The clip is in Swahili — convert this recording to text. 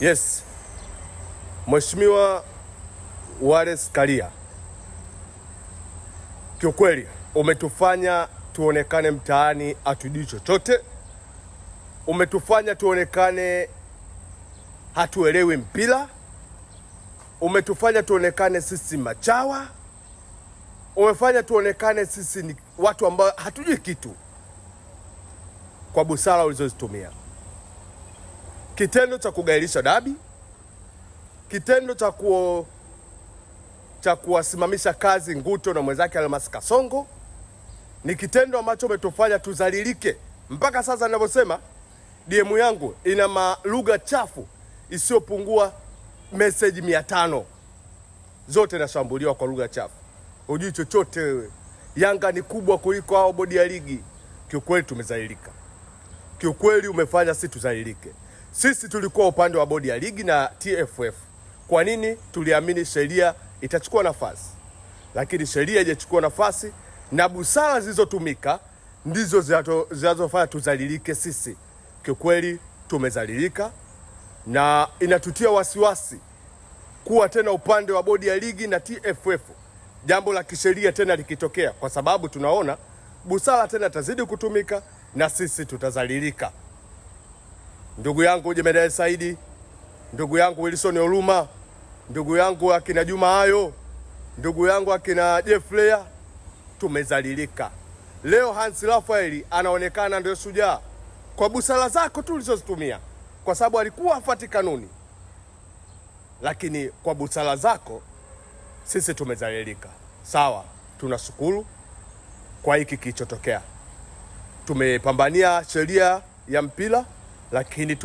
Yes. Mheshimiwa Wallace Karia, kiukweli umetufanya tuonekane mtaani hatujui chochote, umetufanya tuonekane hatuelewi mpira, umetufanya tuonekane sisi machawa, umefanya tuonekane sisi ni watu ambao hatujui kitu, kwa busara ulizozitumia kitendo cha kugairisha dabi, kitendo cha kuo cha kuwasimamisha kazi Nguto na mwenzake Almas Kasongo ni kitendo ambacho umetufanya tuzalilike. Mpaka sasa ninavyosema, DM yangu ina malugha chafu isiyopungua meseji mia tano zote nashambuliwa kwa lugha chafu. Hujui chochote wewe, Yanga ni kubwa kuliko hao, bodi ya ligi. Kiukweli tumezalilika, kiukweli umefanya si tuzalilike. Sisi tulikuwa upande wa bodi ya ligi na TFF. Kwa nini? Tuliamini sheria itachukua nafasi, lakini sheria haijachukua nafasi na busara zilizotumika ndizo zinazofanya tuzalilike sisi. Kiukweli tumezalilika na inatutia wasiwasi kuwa tena upande wa bodi ya ligi na TFF, jambo la kisheria tena likitokea, kwa sababu tunaona busara tena tazidi kutumika na sisi tutazalilika ndugu yangu Jemedari Saidi, ndugu yangu Wilson Oluma, ndugu yangu akina Juma Ayo, ndugu yangu akina Jefflea, tumezalilika. Leo Hans Raphael anaonekana ndio shujaa kwa busara zako tu ulizozitumia, kwa sababu alikuwa hafuati kanuni, lakini kwa busara zako sisi tumezalilika. Sawa, tunashukuru kwa hiki kilichotokea. Tumepambania sheria ya mpira lakini